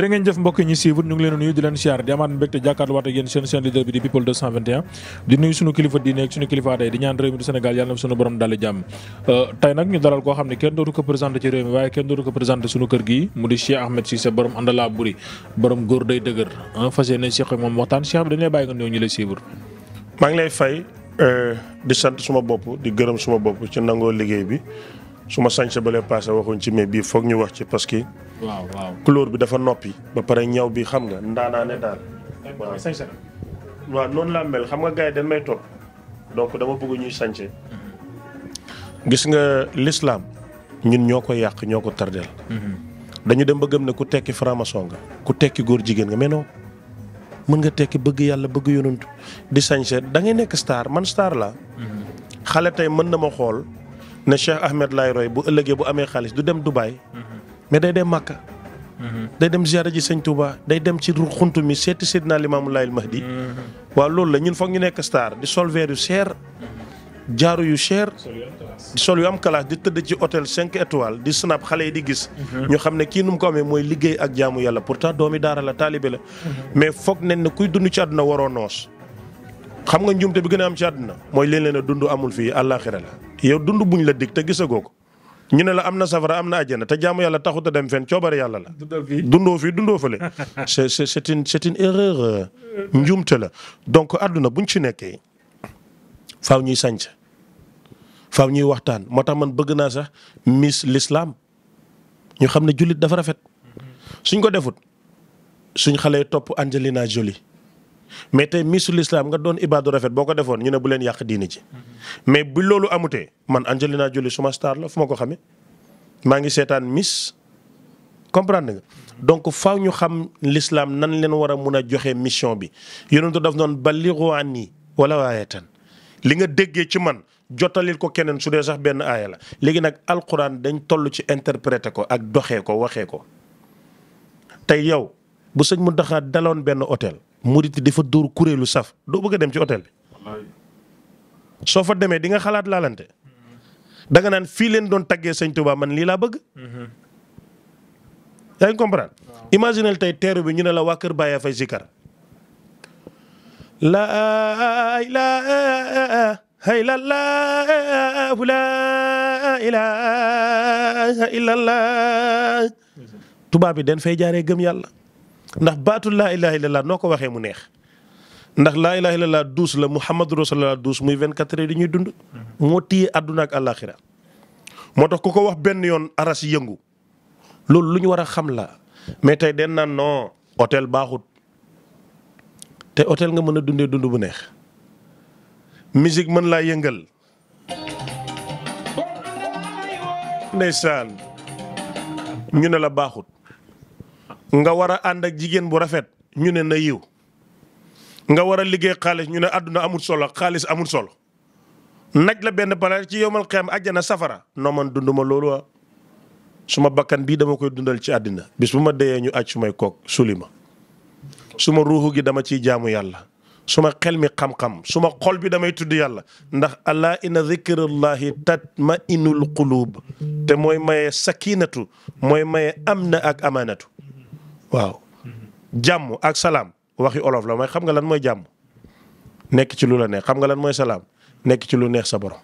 jërë ngeen jëf mbokk ñi suivre ñu ngi leen nuyu di leen siyaar di amaat mbégte jàkkaarloo waat ak yéen seen seen leader bi di people di nuyu suñu kilifa diine ak suñu kilifa day di ñaan réew mi du Sénégal yàlla na borom daal jàmm euh, tey nag ñu dalal koo xam ne kenn dootu ko présenté ci réew mi waaye kenn dootu ko présenté suñu kër gi mu di Cheikh Ahmed Cissé borom àndalaa buri borom góor day dëgër ah, fas yéene Cheikh moom waxtaan Cheikh bi dañ bàyyi nga euh, bopp di gërëm suma bopp bi su ma sañse ba lee passé wax ci parce waaw waaw couleur bi dafa noppi. ba pare ñaw bi xam nga ndaanaane daal. waaw waaw noonu laa mel xam nga gars yi may topp donc dama bëgg ñuy sànce. Mm-hmm. gis nga lislaam ñun ñoo ko yàq ñoo ko tardeel. Mm-hmm. dañu dem ba gëm ne ku tekki franc-maçon nga ku tekki góor jigéen nga mais mën nga tekki bëgg yàlla bëgg yonantu di sañse da ngay nekk star man star la mm-hmm. xale tey mën na ma xool ne Cheikh Ahmed lay roy bu ëllëgee bu amee xaalis du dem Dubaay mais day dem Màkka. Mhm. day dem ziyaara ji sëñ Touba day dem ci xunt mi seeti Seydina Limaamu Laay Mahdi. Mhm. waaw loolu la ñun foog ñu nekk star di sol verre yu cher. Mhm. jaaru yu cher. di sol yu am classe di tëdd ci hôtel 5 étoiles di snap xale yi di gis. ñu xam ne kii nu mu ko amee mooy liggéey ak jaamu yàlla pourtant doomi daara la taalibe la. mais foog nañ ne kuy dund ci àdduna waroo noos. xam nga njuumte bi gën a am ci àdduna mooy leen leen a dund amul fii àllaaxira la yow dund buñ la dig te gisagoo ko. ñu ne la am na safara am na àjjana te jaamu yàlla taxut a dem fenn coobare yàlla la. dundoo fii dundoo fii dundoo fële. c'est c'est une euh, la donc àdduna buñ ci nekkee faw ñuy sànc faw ñuy waxtaan moo tax man bëgg naa sax miss lislaam ñu xam ne jullit dafa rafet suñ ko defut suñ xale topp Angelina Jolie mais tey misul islam nga doon ibaadu rafet boo ko defoon ñu ne bu leen yàq diini ci mais bu loolu amutee man Angelina Jolie suma star la fu ma ko xamee maa ngi seetaan miss comprendre nga donc faw ñu xam l'islam nan leen war a mun a joxe mission bi yonentu daf noon ballighu anni wala waayatan li nga déggee ci man jottalil ko keneen su dee sax benn aaya la léegi nag alquran dañ toll ci interpréter ko ak doxee ko waxee ko tey yow bu sëñ mu daxa daloon benn hôtel murit dafa dóor kuréelu saf doo bëgg dem ci hôtel bi soo fa demee di nga xalaat laalante da naan fii leen doon taggee sëñ man lii laa bëgg. tey teeru bi ñu ne la waa Kër Baye fay zikar. laa ilaaha tubaab bi den fay jaaree gëm yàlla. ndax baatu laa ilaha illallah noo ko waxee mu neex ndax laa la laa douze la muhammadu rasulullah douze muy vingt quatre heures ñuy dund. moo téye àdduna ak moo tax ku ko wax benn yoon aras yëngu loolu lu ñu war a xam la mais tey den naan non hôtel baaxut te hôtel nga mën a dundee dund bu neex musique mën laa yëngal. ndeysaan ñu ne la baaxut. nga war a ànd ak jigéen bu rafet ñu ne na yiw nga war a liggéey xaalis ñu ne àdduna amul solo xaalis amul solo naj la benn pala ci yowmal xiyam àjjana safara noo man dund ma loolu wa ah. su ma bakkan bii dama koy dundal ci àddina bis bu ma deyee ñu aj su may kook suli ma su ma ruuxu gi dama ciy jaamu yàlla su ma xel mi xam-xam su ma xol bi damay tudd yàlla ndax ala inna zikrullahi tatma inul qulub te mooy maye sakinatu mooy maye am na ak amaanatu waaw jàmm ak salaam waxi olof la may xam nga lan mooy jàmm nekk ci lu la neex xam nga lan mooy salaam nekk ci lu neex sa borom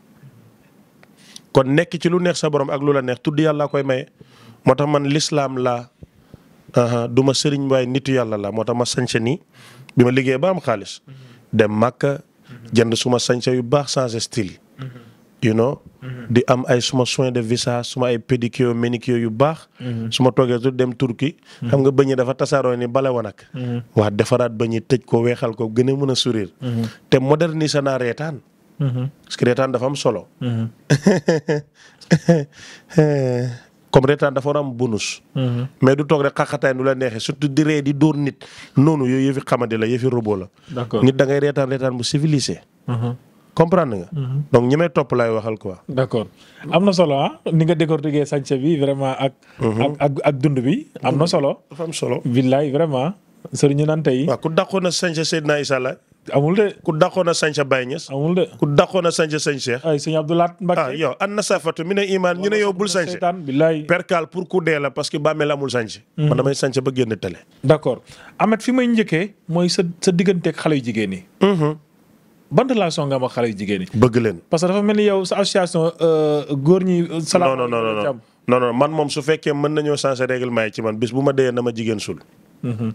kon nekk ci lu neex sa borom ak lu la neex tudd yàlla koy maye moo tax man lislaam la du ma sëriñ waaye nit yàlla la moo tax ma sañse nii bi ma liggéey ba am xaalis dem màkka jënd suma sañse yu baax sans style you know mm-hmm. di am ay suma soin de visage suma ay pédicure manicure yu baax mm-hmm. su toogee su dem Turquie mm-hmm. xam nga bëñ dafa tasaaroo ni bale woon ak waa defaraat bëñ tëj ko weexal ko gën a mën a sourire te moderniser naa reetaan parce que reetaan dafa am solo comme reetaan dafa war am bonus mais du toog rek xaqataay nu la neexee surtout di ree di dóor nit noonu yooyu yëfi xamante la yëfi robot la nit da reetaan reetaan bu civilisé comprendre nga. Mhm. donc ñi may topp laay waxal quoi. d' accord am na solo ah. ni nga décortiquer sañse bi vraiment mhm. ak. ak ak dund bi am na solo. dafa solo. billaay vraiment. sëriñ ñu naan tey. waaw ku dàqoon na sañse Seydina Issa Laye. amul de ku dàqoon na sañse Baye Niass. amul de ku dàqoon na sañse sëñ Cheikh. ay sëñ Abdoulaat Mbacke. Ah, yow an na safatu mi ne iman ñu ne yow bul sañse. billaay percal pour ku dee la parce que bàmmeel amul sañse. Mhm. man damay sañse ba génn télé. d' accord Amath fi may njëkkee mooy sa sa digganteeg xale yu jigéen ñi. ban relation nga am ak xale yu jigéen ñi. bëgg leen parce que dafa mel ni yow sa association euh, góor ñi. Euh, salaam non man moom su fekkee mën nañoo changé règlement yi ci man bis bu ma dee na ma jigéen sul. Mhm.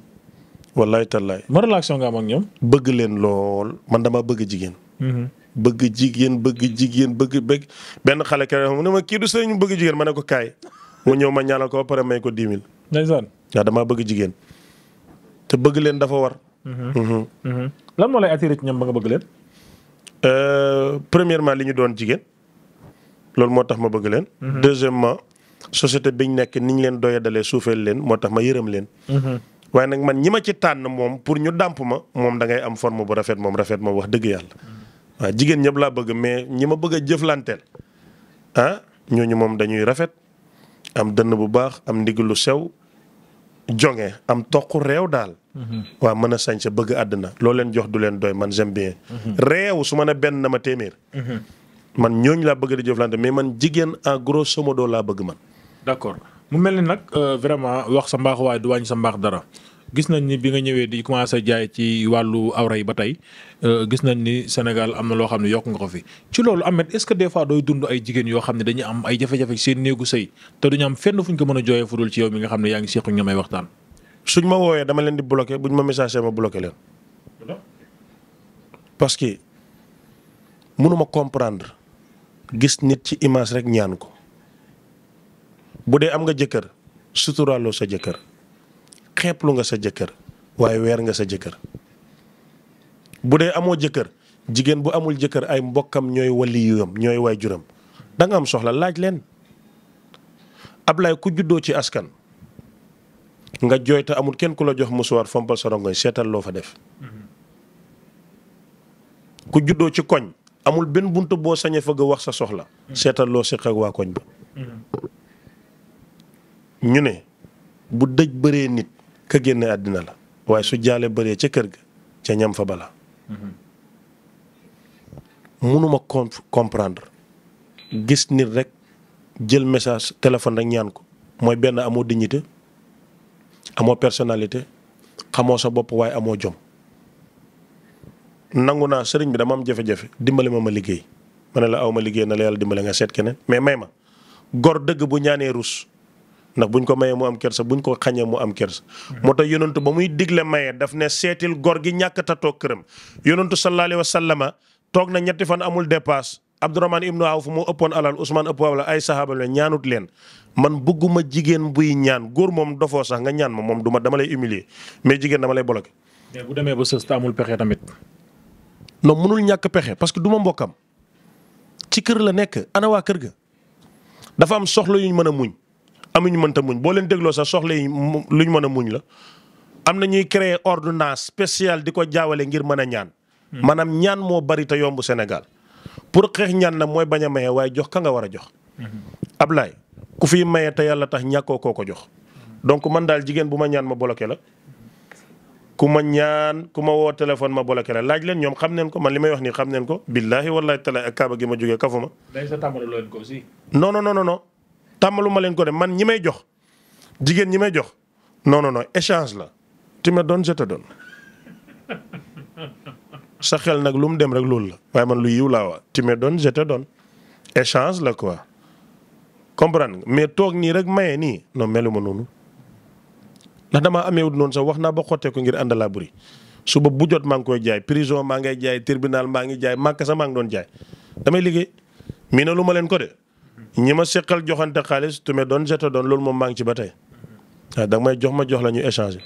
wallaay tallaay. ma relation nga am ak ñoom. bëgg leen lool man dama bëgg jigéen. Mhm. bëgg jigéen bëgg jigéen bëgg bëgg benn xale ka mu ne ma kii du sëriñ bëgg jigéen ma ne ko kaay mu ñëw ma ñaanal ko ba pare may ko dix mille. ndeysaan waaw damaa bëgg jigéen. te bëgg leen dafa war. Mhm. lan moo lay attiré ci Euh, premièrement li ñu doon jigéen loolu moo tax ma bëgg leen. Mhm. deuxièmement société biñ nekk ni ñu leen doyadalee suufeel leen moo tax ma yërëm leen. Mhm. waaye nag man ñi ma ci tànn moom pour ñu dàmp ma moom da ngay am forme bu rafet moom rafet moom wax dëgg yàlla. Mhm. waaw jigéen ñëpp laa bëgg mais ñi ma bëgg a jëflanteel ah ñooñu moom dañuy rafet am dënn bu baax am ndigg lu sew jonge am toq réew daal. Mhm. waa mën a sañse bëgg àddina loo leen jox du leen doy man j'aime bien. Mhm. réew su ma ne benn na ma téeméer. Mhm. man ñooñu laa bëgg di jëflante mais man jigéen en grosso modo laa bëgg man. d'accord mu mel ni nag euh, vraiment wax sa mbaax waaye du wàññi sa mbaax dara. gis nañ ni bi nga ñëwee di commencé jaay ci wàllu awra yi ba tey euh, gis nañ ni Sénégal am na loo xam ne yokk nga ko fi ci loolu Ahmed est-ce que des fois dooy dund ay jigéen yoo xam ne dañuy am ay jafe-jafe seen néegu sëy te duñu am fenn fuñ ko mën a jooyee fu dul ci yow mi nga xam ne yaa ngi seq ñu may waxtaan. suñ ma wooyee dama leen di bloqué buñ ma message ma bloqué leen. parce que mënuma comprendre gis nit ci image rek ñaan ko bu dee am nga jëkkër suturaaloo sa jëkkër. xeeblu nga sa jëkkër waaye weer nga sa jëkkër bu dee amoo jëkkër jigéen bu amul jëkkër ay mbokkam ñooy waliyuwam ñooy waajuram da danga am soxla laaj leen ab Ablaay ku juddoo ci askan nga jooy te amul kenn ku la jox musuwaar fompal sa rongoñ seetal loo fa def ku juddoo ci koñ amul benn bunt boo sañee fëgg wax sa soxla seetal loo séq waa koñ ba mm-hmm. ñu ne bu dëj bëree nit ka génne àddina la waaye su jaalee baree ca kër ga ca ñam fa bala munuma comprendre gis nit rek jël message téléphone rek ñaan ko mooy benn amoo dignité amoo personnalité xamoo sa bopp waaye amoo jom nangu naa sëriñ bi dama am jafe-jafe dimbali ma ma liggéey ma ne la aw ma liggéey na la yàlla dimbali nga seet keneen mais may ma gor dëgg bu ñaanee rus ndax ñu ko mayee mu am bu buñ ko xañee mu am kersa. moo tax yonantu ba muy digle maye daf ne seetil gor gi ñàkk ta toog këram yonantu sallallahu alayhi wa sallama toog na ñetti fan amul dépasse Abdourahman ibnu Awf moo ëppoon alal Ousmane ëpp wala ay sahaaba la ñaanut leen man bëgguma jigéen buy ñaan góor moom dofoo sax nga ñaan ma moom duma dama lay humilier mais jigéen dama lay bloqué. mais bu demee ba sës te amul pexe tamit. non mënul ñàkk pexe parce que du ma kër la nekk ana waa kër ga dafa am soxla yuñ mën a muñ amuñu mënta muñ boo leen dégloo sax soxla yi luñ mën a muñ la am na ñuy créer ordonnance spéciale di ko jaawale ngir mën a ñaan. Hmm. maanaam ñaan moo bari te yomb Sénégal pour xeex ñaan na mooy bañ a maye waaye jox ka nga war a jox. Hmm. ab laay ku fi maye te yàlla tax ñàkkoo koo ko jox. Hmm. donc man daal jigéen bu ma ñaan ma bloqué la ku ma ñaan ku ma woo téléphone ma bloqué la laaj leen ñoom xam neen ko man li may wax nii xam neen ko. billaahi wallaahi taala ak ma jógee ko aussi. tàmmalu ma leen ko de man ñi may jox jigéen ñi may jox non non non échange la tu me donnes je te donne sa xel nag lu mu dem rek loolu la waaye man lu yiw laa waa tu me donnes je te donne échange la quoi comprendre nga mais toog nii rek maye nii non melu ma noonu ndax damaa ameewut noonu sax wax naa ba xottee ko ngir ànd laa buri suba bu jot maa ngi koy jaay prison maa ngay jaay tribunal maa ngi jaay màkk sa maa ngi doon jaay damay liggéey mii na leen ko de ñi ma seqal joxante xaalis tu me donnes je te loolu moom maa ngi ci ba tey waaw da may jox ma jox lañu ñu échanger.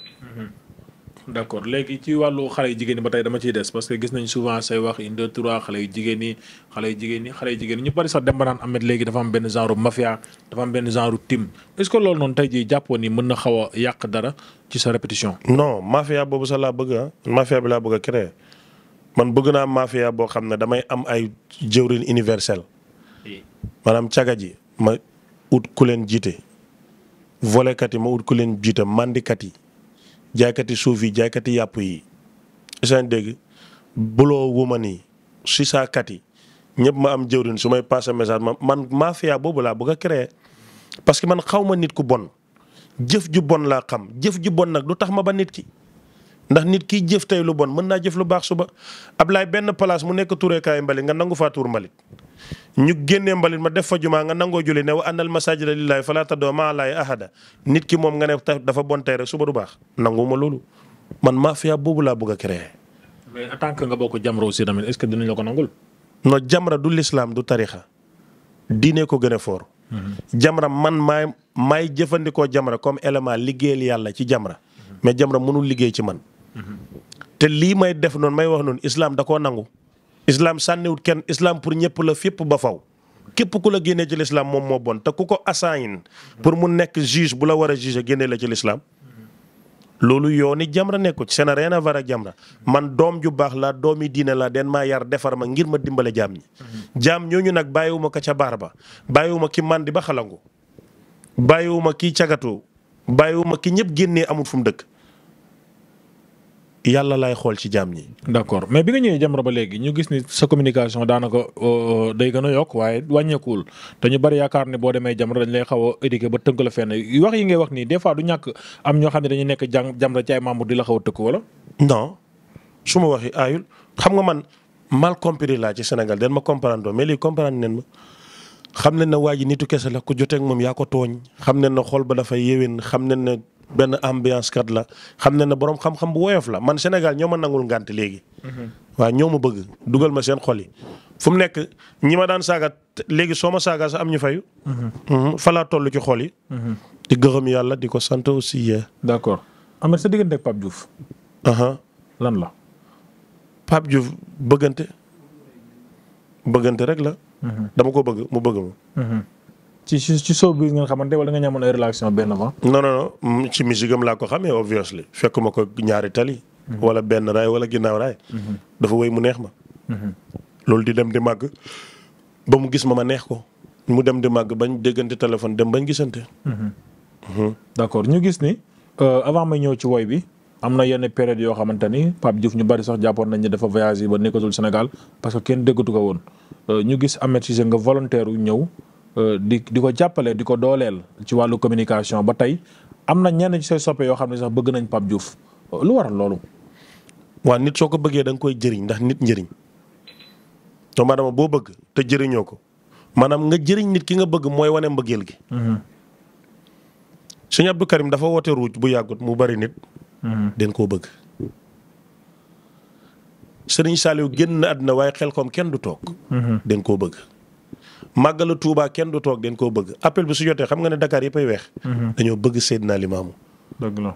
Mm-hmm. d' léegi ci wàllu xale yu jigéen ñi ba tey dama ciy des parce que gis nañ souvent say wax une deux trois xale yu jigéen ñi xale yu jigéen ñi xale yu jigéen ñi ñu bari sax dem ba naan Ameth léegi dafa am benn genre mafia dafa am benn genre team est ce que loolu noonu tey jii jàppoon ni mën na xaw a yàq dara ci sa répétition. non mafia boobu sax laa bëgg ah mafia bi laa bëgg a man bëgg naa mafia boo xam ne damay am ay jëwrin universel maanaam caga ji ma ut ku leen jiite volekat yi ma ut ku leen jiite mandikat yi jaaykat yi suuf yi jaaykat yi yàpp yi seen dégg buloo wuman yi sisaakat yi ñëpp ma am jëwrin su may passé message ma man mafia boobu laa bëgg a créer parce que man xaw ma nit ku bon jëf ju bon laa xam jëf ju bon nag du tax ma ba nit ki ndax nit kiy jëf tey lu bon mën naa jëf lu baax suba ab laay benn place mu nekk tureekaayu mbali nga nangu faa tuur mbalit ñu génnee mbalit ma def fa jumaa nga nangoo julli ne wa annal masajida lillahi fala tadoo maa laahi ahada nit ki moom nga ne dafa bon tey rek suba du baax nanguma loolu man maa mafia boobu laa bëgg a créer. mais en tant que nga bokk jamra aussi tamit est-ce ko nangul. non jamra du lislaam du tarixa diine ko gën a foor. Mhm. jamra man maay maay jëfandikoo jamra comme élément liggéeyal yàlla ci jamra. Mhm. mais jamra mënul liggéey ci man. Mhm. te lii may def noonu may wax noonu islam da koo nangu. islam sànniwut kenn islam pour ñëpp la fépp ba faw képp ku la génnee ci lislaam moom moo bon te ku ko assign pour mu nekk juge bu la war a juge génne la ci lislaam loolu yooni jamra nekku ci seen a reen a war a jamra man doom ju baax la doomi diine la den maa yar defar ma ngir ma dimbale jaam ñi jaam ñooñu nag bàyyiwuma ko ca baar ba bàyyiwuma ki màndi ba xalangu bàyyiwuma ki cagatu bàyyiwuma ki ñëpp génnee amul fu mu dëkk yàlla laay xool ci jaam ñi. d'accord mais bi nga ñëwee Jamra ba léegi ñu gis ni sa communication daanaka euh, day gën a yokk waaye wàññeekuwul te ñu bari yaakaar ne boo demee Jamra dañ lay xaw a éduquer ba tënk la fenn wax yi ngay wax nii des fois xam ne dañuy nekk jàng Jamra ci ay a ma waxee aayul xam nga man mal compris laa ci Sénégal den ma comprendre mais lii comprendre nen ma xam ne na waa ji nitu kese la ku joteeg moom yaa ko tooñ xam ne na xol ba dafa yéwén xam ne na benn ambiance kat la xam ne ne boroom xam-xam bu woyof la man Sénégal ñoo ma nangul ngànt léegi. Mhm. waaw ñoo ma bëgg dugal ma seen xol yi fu mu nekk ñi ma daan saaga léegi soo ma saaga sax am ñu fayu. Mhm. Mhm. fa laa toll ci xol yi. di gërëm yàlla di ko sant aussi. d'accord Ameth sa diggante ak Pape lan la. Pape Diouf bëggante bëggante rek la. dama ko bëgg mu bëgg ma. ci ci showbiz ngeen xamante wala nga ñamoon ay relation benn ba. non non non ci musique am laa ko xamee obviously fekk ma ko ñaari tali. Mhm. wala benn raay wala ginnaaw raay. Mhm. dafa woy mu neex ma. Mhm. loolu di dem di màgg ba mu gis ma ma neex ko mu dem di màgg bañ déggante téléphone dem bañ gisante. d'accord ñu gis ni euh, avant may ñëw ci woy bi. am na yenn période yoo xamante ni Pape ñu bari sax jàppoon nañ ne dafa voyagé ba nekk nekkatul Sénégal parce que kenn déggatu ko woon euh, ñu gis Ahmed nga volontaire wu ñëw Euh, di di ko jàppale di ko dooleel ci wàllu communication ba tey am na ñenn ci say soppe yoo xam ne sax bëgg nañ Pape Diouf euh, lu waral loolu. waaw nit soo ko bëggee da koy jëriñ ndax nit njëriñ doomu aadama boo bëgg te jëriñoo ko maanaam nga jëriñ nit ki nga bëgg mooy wane mbëggeel gi. Mm-hmm. Sëñ Abdou Karim dafa woote ruuj bu yàggut mu bari nit. Mm-hmm. den koo bëgg. Sëriñ Saliou génn na àddina waaye xel koom kenn du toog. Mm-hmm. den koo bëgg. màggalu Touba kenn du toog den koo bëgg appel bi su jotee xam nga ne Dakar pay weex. Mhm. dañoo bëgg naa Limaamu. dëgg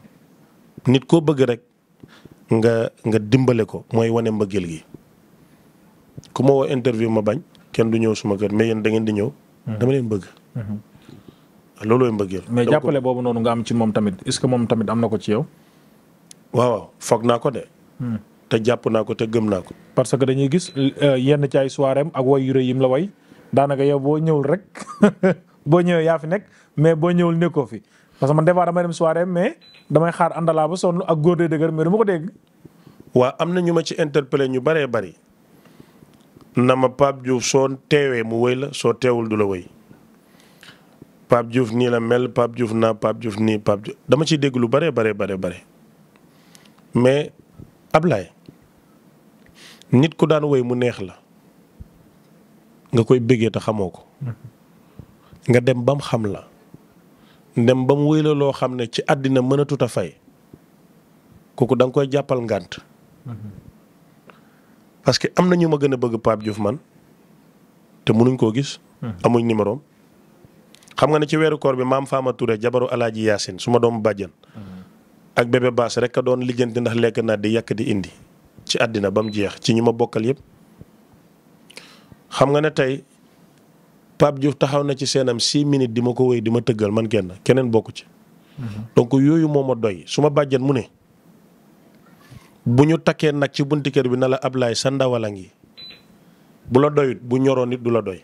nit koo bëgg rek nga nga dimbale ko mooy wane mbëggeel gi ku ma woo interview ma bañ kenn du ñëw suma kër mais da ngeen di ñëw. Mhm. dama leen bëgg. Mhm. loolooy mais jàppale boobu noonu nga am ci moom tamit est que moom tamit am na ko ci yow. waaw foog naa ko de. Hmm. te jàpp naa ko te gëm naa ko. parce que dañuy gis euh, yenn ci ay soirée am ak way yu yim la way. daanaka yow boo ñëwul rek boo ñëwee yaa fi nekk mais boo ñëwul nekkoo fi parce que man des fois damay dem soirée mais damay xaar àndalaa ba sonn ak góor de dëgër mais du ma ko dégg. am na ñu ma ci interpellé ñu bëree bëri na ma Pape Diouf soo teewee mu woy la soo teewul du la woy Pape Diouf nii la mel Pape Diouf naa Pape Diouf nii Pape dama ciy dégg lu bëree bare bare bëri mais Ablaye nit ku daan woy mu neex la. nga koy bëggee xamoo ko nga dem bam xam la dem ba mu wéy la loo xam ne ci àddina mënatut a fay kooku da nga koy jàppal ngànt parce que am na ñu ma gën a bëgg Pape Diouf man te mënuñ koo gis. amuñ numéro xam nga ne ci weeru koor bi maam Fama Touré jabaru alaaji Yacine su ma doom bàjjan ak bébé baas rekk a doon lijjanti ndax lekk naa di yàkk di indi. ci àddina ba mu jeex ci ñu ma bokkal yëpp. xam nga ne tey Pape juuf taxaw na ci seenam 6 minute di ma ko wéy di ma tëggal man kenn keneen bokku ci. Mhm. donc yooyu moom ma doy su ma bàjjen mu ne. bu ñu takkee nag ci bunti kër bi na la Ablaye sa ndawala ngi bu la doyut bu ñoroon nit du la doy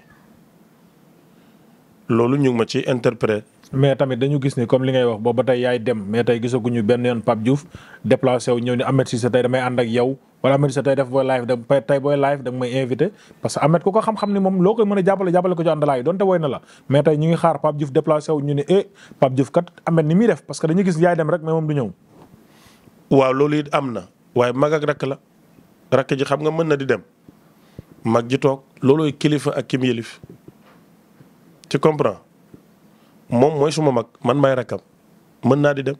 loolu ñu ngi ma ci interprète. mais tamit dañu gis ni comme li ngay wax boobu ba tey yaay dem mais tey gisaguñu benn yoon Pape Diouf déplacé wu ñëw ni Ahmed Cissé tey damay ànd ak yow. wala Ameth Cissé tey def booy live da tey booy live da may invité parce que Ameth ku ko xam-xam ni moom loo koy a jàppale jàppale ko ci àndalaay donte woy ne eh, kat Ameth ni muy def parce que dañuy gis yaay waaw loolu it am na waaye mag ak rakk la rakk ji xam nga mën na di dem mag ji toog loolooy kilifa ak kim yëlif tu comprends moom mooy suma mag man maay rakkam mën naa di dem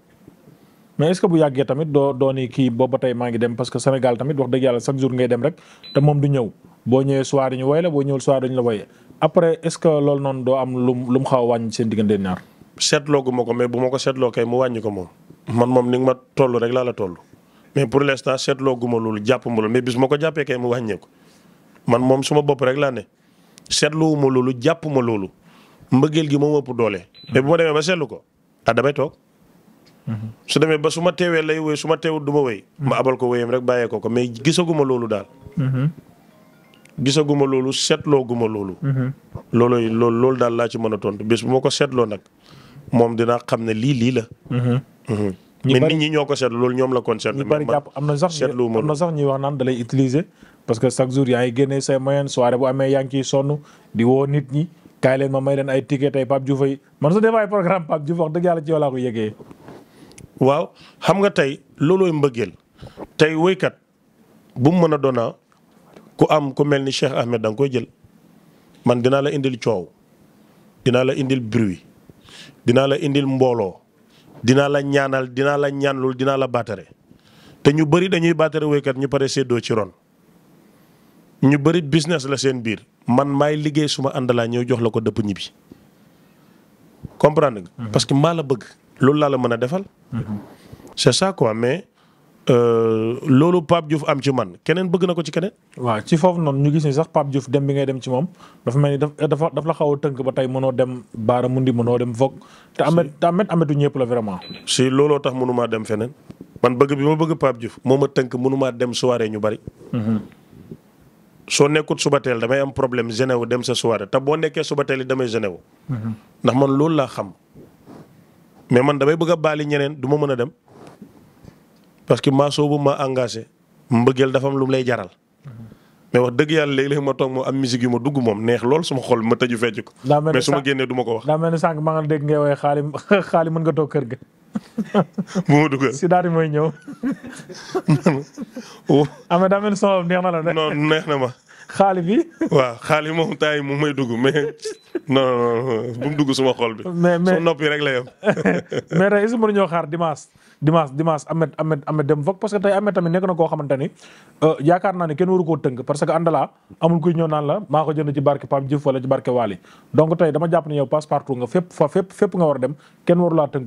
mais est-ce que bu yàggee tamit doo dooni kii booba tey maa ngi dem parce que Sénégal tamit wax dëgg yàlla chaque jour ngay dem rek te moom du ñëw boo ñëwee soir ñu woy la boo ñëwul soir dañu la woyee après est-ce que loolu noonu doo am lu lu mu xaw a wàññi seen diggante ñaar. seetloo gu ma ko mais bu ma ko seetloo kay mu wàññi ko moom man moom ni nga ma rek laa la toll mais pour l'instant seetloo gu loolu jàpp ma loolu mais bis ma ko jàppee kay mu wàññeeku man moom suma bopp rek laa ne seetluwuma loolu jàpp ma loolu mbëggeel gi moom ëpp doole. mais bu ma demee ba seetlu ko ah damay toog su demee ba su ma teewee lay wéy su ma teewut du ma wéy. ma abal ko wéyam rek bàyyee ko ko mais gisaguma loolu daal. Mhm. gisaguma loolu seetlooguma loolu. Mhm. loolooy loolu lool daal laa ci mën a tontu bés bu ma ko seetloo nag moom dinaa xam ne lii lii la. Mhm. mais nit ñi ñoo ko seetlu loolu ñoom la concerné. ñu bari am na sax am wax naan da lay utiliser. parce que chaque jour yaa ngi génnee say moyenne soirée bu amee yaa ngi ciy sonn di woo nit ñi kaay leen ma may leen ay ticket tey Pape man su dee ay programme Pape Diouf yàlla ci yow laa waaw xam nga tey loolooy mbëggeel tey woykat bu mu mën a doona ku am ku mel ni Cheikh Ahmed da koy jël man dinaa la indil coow dinaa la indil bruit dinaa la indil mbooloo dinaa la ñaanal dinaa la ñaanlul dinaa la baatare te ñu bari dañuy baatare woykat ñu pare séddoo ci ron ñu bëri business la seen biir man maay liggéey suma àndalaa ñëw jox la ko dëpp ñibbi comprendre nga. Mm-hmm. parce que maa la bëgg loolu laa la mën a defal. c'est ça quoi mais euh, loolu Pape juuf am ci man keneen bëgg na ko ci keneen. waaw ci foofu noonu ñu gis ni sax Pape Diouf dem bi ngay dem ci moom dafa mel ni eh, dafa dafa la xaw a tënk ba tey mënoo dem Baara mun di mënoo dem Vogue. te amet te amet ametu ñëpp la vraiment. si looloo tax mënumaa dem feneen. man bëgg bi ma bëgg Pape Diouf moom a tënk mënumaa dem soirée ñu bari. Mhm. soo nekkut suba teel damay am problème généw dem sa soirée te boo nekkee suba teel yi damay généw. Mhm. ndax man loolu laa xam. mais man damay bëgg a baali ñeneen du ma mën a dem parce que maa soobu ma engagé mbëggeel dafa am lu mu lay jaral. mais wax dëgg yàlla léeg-léeg ma toog moom am musique yu ma dugg moom neex lool suma xol ma tëju fecc ko. mais su ma génnee du ma ko wax. daa mel ni sànq maa ngi dégg ngay woowee xaali xaali mën nga toog kër ga. bu ma dugg si daal di mooy ñëw. amee daa mel ni sama neex na la de. non neex na ma. xaali bi. waaw xaali moom temps yi moom may dugg mais non non dugg suma xol bi. mais mais soo noppi rek la yem. mais tey est-ce que mënuñoo xaar dimanche dimanche dimanche Ameth Ameth Ameth dem foog parce que tey tamit nekk na koo xamante ni euh, yaakaar naa ne kenn waru ko tënk parce que Andala amul kuy ñëw naan la maa ko jënd ci barke Pape Diouf wala ci barke Waly donc tey dama jàpp ne yow passe partout nga fépp fa fépp fépp nga war a dem kenn waru laa tënk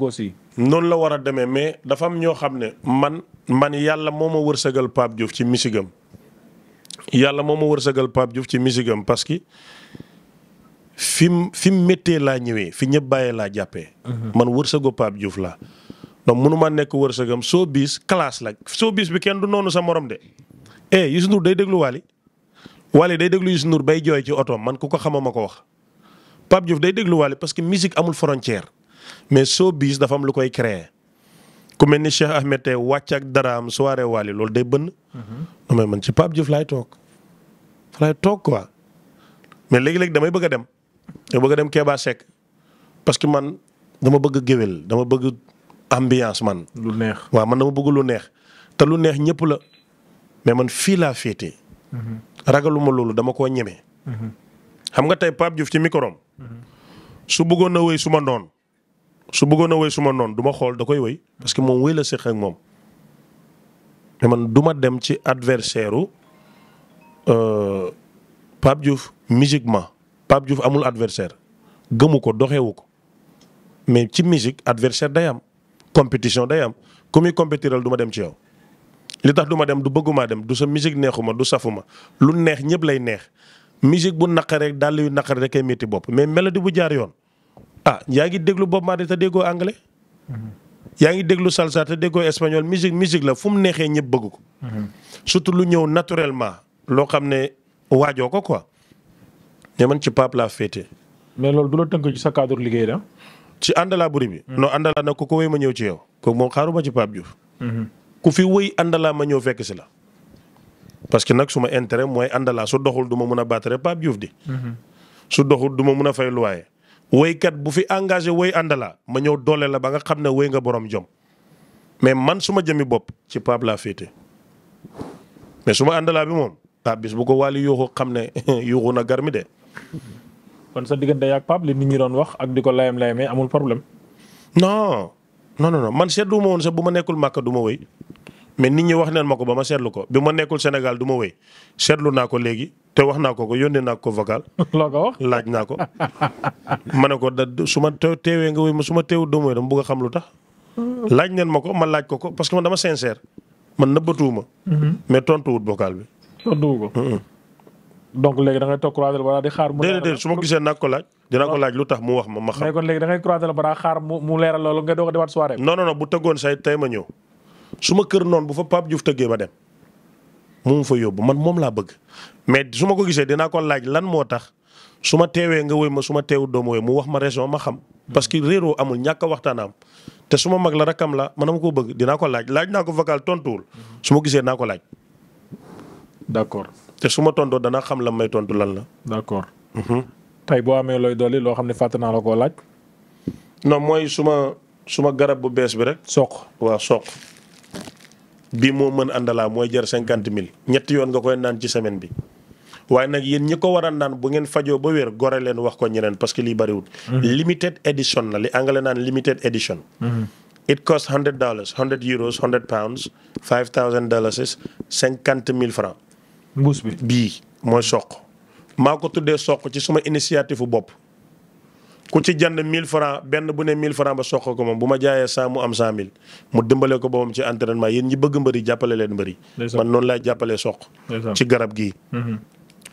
noonu la war a demee mais dafa am ñoo xam ne man man yàlla moo ma wërsëgal Pape Diouf ci misigam yàlla moom ma wërsëgal Pape Diouf ci musique am parce que fi mu fi mu méttee laa ñëwee fi ñëpp bàyyee laa jàppee. Mhm. man wërsëgu Pape Diouf laa. donc mënumaa nekk wërsëgam soo biis classe la soo biis bi kenn du noonu sa moroom de. eh Youssou Ndour day déglu Wally Wally day déglu Youssou Ndour bay jooy ci oto man ku ko xama ma ko wax. Pape Diouf day déglu Wally parce que musique amul frontière mais soo biis dafa am lu koy créer ku mel ni Cheikh Ahmed tey wàcc ak daraam soirée Wally loolu day bënn. non mais man ci Pape jouf laay toog fa laay toog quoi mais léegi léeg damay bëgg a dem damay bëgg a dem Kéba Seck parce que man dama bëgg géwél dama bëgg ambiance man. lu neex waa man dama bëgg lu neex te lu neex ñëpp la mais man fii laa féete. Mhm. ragaluma loolu dama koo ñeme. Mhm. xam nga tey Pape jouf ci micro su bëggoon na wéy suma ma noon su bëggoon a wéy su ma noon du ma xool da koy wéy parce que moom wéy la séq moom. te man du ma dem ci adversaire u euh, Pape Diouf musiquement Pape Diouf amul adversaire gëmu ko doxewu ko mais ci musique adversaire day am compétition day am ku muy compétiral du ma dem ci yow li tax du ma dem du bëggumaa dem du sa musique neexuma du safuma lu neex ñëpp lay neex musique bu naqaree rek dàll yu naqaree rek ay métti bopp mais mélodie bu jaar yoon ah yaa ngi déglu Bob Marley te déggoo anglais. Mm-hmm. yaa ngi déglu salsa te déggoo espagnol musique musique la fu mu neexee ñëpp bëgg ko. Mhm. surtout lu ñëw naturellement loo xam ne waajoo ko quoi. ne man ci Pape laa féete. mais loolu du la ci sa cadre liggéey la. Ah? ci àndalaa buri bi. Mhm. non àndalaa nag ku ko wéy ma ñëw ci yow. kooku moom xaaruma ci Pape Diouf. Mhm. ku fi wéy àndalaa ma ñëw fekk si la. parce que nag suma intérêt mooy àndalaa su doxul duma ma mun a battre Pape Diouf di. su doxul du ma mun a fay luwaaye wéykat bu fi engagé wéy àndala ma ñëw doole la ba nga xam ne wéy nga boroom jom mais man suma ma bopp ci Pape laa féete mais suma ma àndalaa bi moom ah bis bu ko wàlli yuuxu xam ne yuuxu na garmi de. kon sa diggante yaak Pape li nit ñi doon wax ak di ko layam layamee amul problème. non non non man seetlu ma woon sax bu ma nekkul màkk du ma wéy mais nit ñi wax neen ma ko ba ma seetlu ko bi ma nekkul Sénégal du ma wéy seetlu naa ko léegi. te wax naa ko ko yónnee naa ko vocal. ko wax laaj naa ko. ma ne ko da su ma teewee nga woy ma su ma doo mooy dama xam lu tax. laaj neen ma ko ma laaj ko ko parce que man dama sincère man nëbbatuwuma. Mhm. mais tontuwut vocal bi. tontuwu ko. donc léegi da ngay toog croiser balaa di xaar. mu leeral déedéet su ma gisee naa ko laaj. dinaa ko laaj mu wax ma ma xam. mais kon léegi da ngay croiser balaa xaar mu mu leeral loolu nga a demaat soirée. non non non bu tëggoon say tey ma ñëw su ma kër noonu bu fa Pape Diouf tëggee ma dem. mu fa yóbbu man moom laa bëgg mais su ma ko gisee dinaa ko laaj lan moo tax su ma teewee nga woy ma su ma teewu doom woy mu wax ma raison ma xam. parce que réeroo amul ñàkk a waxtaanaam te su ma mag la am la man ma ko bëgg dinaa ko laaj laaj naa ko vocal tontuwul su ma gisee naa ko laaj. d'accord te su ma tontoo danaa xam la may tontu lan la. d'accord. Mhm. tey boo amee looy dolli loo xam ne fàtte naa la koo laaj. non mooy suma suma garab bu bees bi rek. soq waaw soq. bii moo mën àndalaa mooy jar cinquante mille ñetti yoon nga koy naan ci semaine bi waaye nag yéen ñi ko war naan bu ngeen fajoo ba wér gore leen wax ko ñeneen parce que lii bëriwul. Mhm. limited edition la li anglais naan limited edition. Mhm. it cost hundred dollars hundred euros hundred pounds five thousand dollars cinquante mille francs. mbuus bi bii mooy soq. maa ko tuddee soq ci suma initiative bopp. ku ci jënd 1000 francs benn bu ne 1000 francs ba soq ko moom bu ma jaayee 100 mu am 100000 mu dimbale ko boobam ci entraînement yéen ñi bëgg mbëri jàppale leen mbëri. man noonu laay jàppale soq. ci garab gii. Mm-hmm.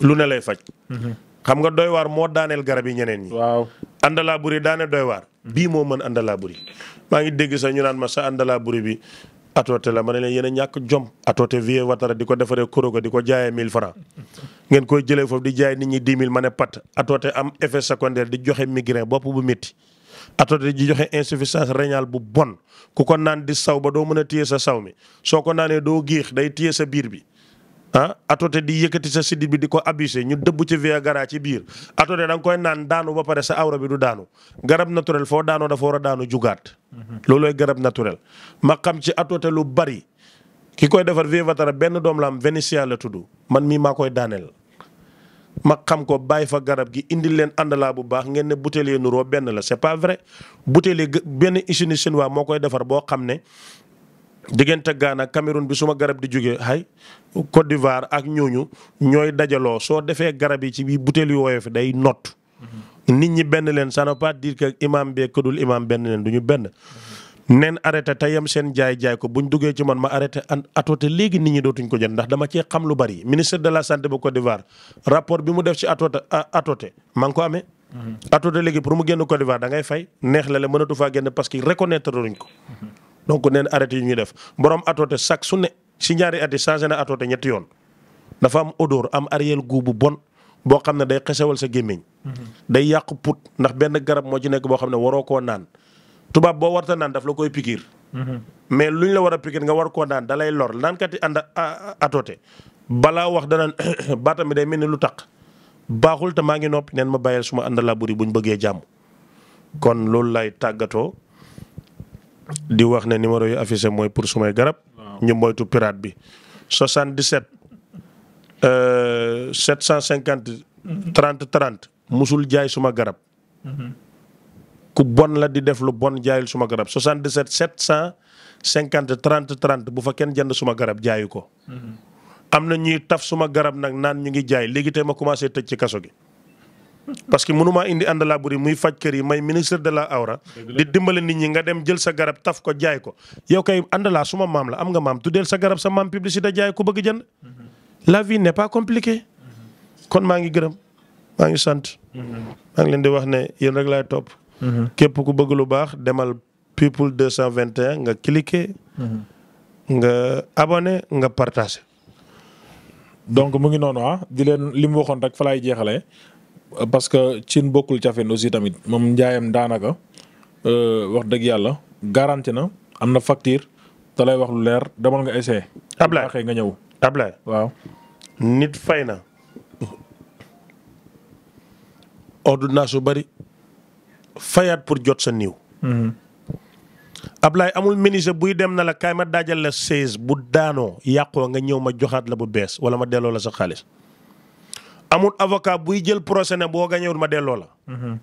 lu ne lay faj. Mm-hmm. xam nga doy waar moo daaneel garab yi ñeneen ñi. waaw àndalaa buri daane doy waar. Mm-hmm. bii moo mën àndalaa buri maa ngi dégg sax ñu naan ma sa àndalaa buri bi. atoote la ma ne leen yéen a ñàkk jom atoote vie watara di ko defaree koroga di ko ngeen koy jëlee foofu di jaay nit ñi 10 000 ma ne pat atoote am effet secondaire di joxe migraine bopp bu métti atoote di joxe insuffisance rénale bu bon ku ko naan di saw ba doo mën a téye sa saw mi soo ko naanee doo géex day téye sa biir bi ah atoote di yëkkati sa sidit bi di ko abusé ñu dëbb ci Viagra ci biir atoote da nga koy naan daanu ba pare sa awra bi du daanu garab naturel foo daanoo dafa war a daanu jugaat. Mhm. loolooy garab naturel ma xam ci atoote lu bari ki koy defar Viagra benn doom la am Vénitien la tudd man mii maa koy daaneel. ma xam ko bàyyi fa garab gi indi leen àndalaa bu baax ngeen ne butéel yee nuroo benn la c'est pas vrai butéel yi benn usine chinois moo koy defar boo xam ne diggante Ghana Cameroun bi suma garab di jógee ay Côte d'Ivoire ak ñooñu ñooy dajaloo soo defee garab yi ci biir butéel yu fi day not mm-hmm. nit ñi benn leen ça ne veut pas imam bee këdul imam benn leen du ñu benn. neen arrêté te yem seen jaay jaay ko bu duggee ci man ma arrêté an atoote léegi nit ñi dootuñ ko jënd ndax dama cee xam lu bari ministre de la santé bu Côte d'Ivoire rapport bi mu def ci atoote atoote maa ngi ko amee. Mm-hmm. atoote léegi pour mu génn Côte d'Ivoire da ngay fay neex la la mënatu faa génn parce que reconnaître ruñ ko. Mm-hmm. donc neen arrêté yu ñuy def borom atoote sax su ne si ñaari at yi changé na atoote ñetti yoon dafa am odeur am ariel goût bu bon boo xam ne day xesewal sa gémmiñ. Mm-hmm. day yàq put ndax benn garab moo ci nekk boo xam ne waroo koo naan. tubaab boo warta naan daf la koy pikiir mhm. mais luñ la war a pikiir nga war koo naan dalay lay lor naankati ànd atoote balaa wax danaan baatam bi day mel ni lu taq baaxul te maa ngi noppi neen ma bàyyil suma ànd laa buri buñ bëggee jàmm kon loolu lay tàggatoo di wax ne numéro yu affiché mooy pour sumay garab ñu moytu pirate bi 77 750 30 30 musul jaay suma garab mhm. ku bon la di def lu bon jaayul suma garab 77 750 30 30 bu fa kenn jënd suma garab jaayu ko. Mhm. am na ñuy taf suma garab nag naan ñu ngi jaay léegi tey ma commencé tëj ci kaso gi. parce que mënumaa indi ànd laa buri muy faj kër yi may ministre de la awra di dimbale nit ñi nga dem jël sa garab taf ko jaay ko yow kay ànd laa suma maam la am nga maam tuddeel sa garab sa maam publicité jaay ko bëgg jënd mhm. la vie n'est pas compliquée mhm. kon maa ngi gërëm maa ngi sant maa ngi leen di wax ne yéen rek laay topp képp ku bëgg lu baax demal people 221 nga cliquer. nga abonné nga partagé. donc mu ngi noonu ah di leen li mu waxoon rek fa lay jeexale parce que cin bokkul cafin aussi tamit moom njaayam daanaka euh, wax dëgg yàlla garanti na am na facture te lay wax lu leer demal nga essayé. Ablaye waxee nga ñëw Ablaye. waaw nit fay na. ordonnance su bari. fayaat pour jot sa niiw. Mm-hmm. Ablaye amul menuisier buy dem na la kaay ma daajal la seize bu daanoo yàqoo nga ñëw ma joxaat la bu bees wala ma delloo la sa xaalis amul avocat buy jël procès ne boo gañewul ma delloo la. Mm-hmm.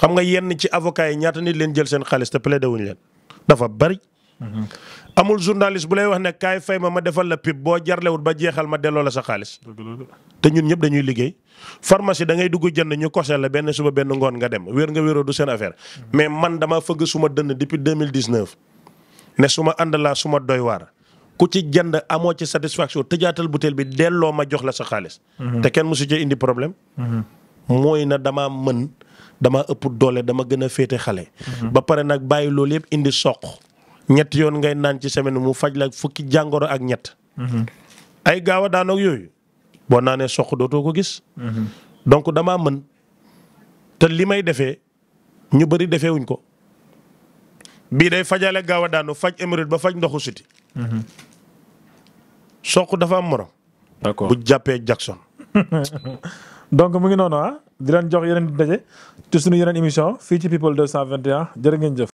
xam nga yenn ci avocat yi ñaata nit leen jël seen xaalis te plaidé wuñ leen dafa bari. amul journaliste bu lay wax ne kaay fay ma ma defal la pib boo jarlewut ba jeexal ma delloo la sa xaalis. te ñun ñëpp dañuy liggéey. pharmacie da ngay dugg jënd ñu koseel la benn suba benn ngoon nga dem wér nga wéroo du seen affaire. mais man dama fëgg su ma dënn depuis 2019. ne su ma ànd laa su ma doy waar. ku ci jënd amoo ci satisfaction tëjaatal butéel bi delloo ma jox la sa xaalis. Mhm. te kenn mosu ci indi problème. Mhm. mooy na dama mën dama ëpp doole dama gën a féete xale. Mhm. ba pare nag bàyyi loolu yëpp indi soq. ñett yoon ngay naan ci semaine mu faj la fukki jàngoro ak ñett. ay gaaw a daanoog yooyu boo naanee soq dootoo ko gis. donc dama mën te li may defee ñu bëri defeewuñ ko bii day fajale gaaw a daanu faj émirut ba faj ndoxu siti soq dafa am morom. d'accord bu jàppee Jackson. donc mu ngi noonu ah di leen jox yeneen daje ci sunu yeneen émission fii ci people 221 jërë ngeen jëf.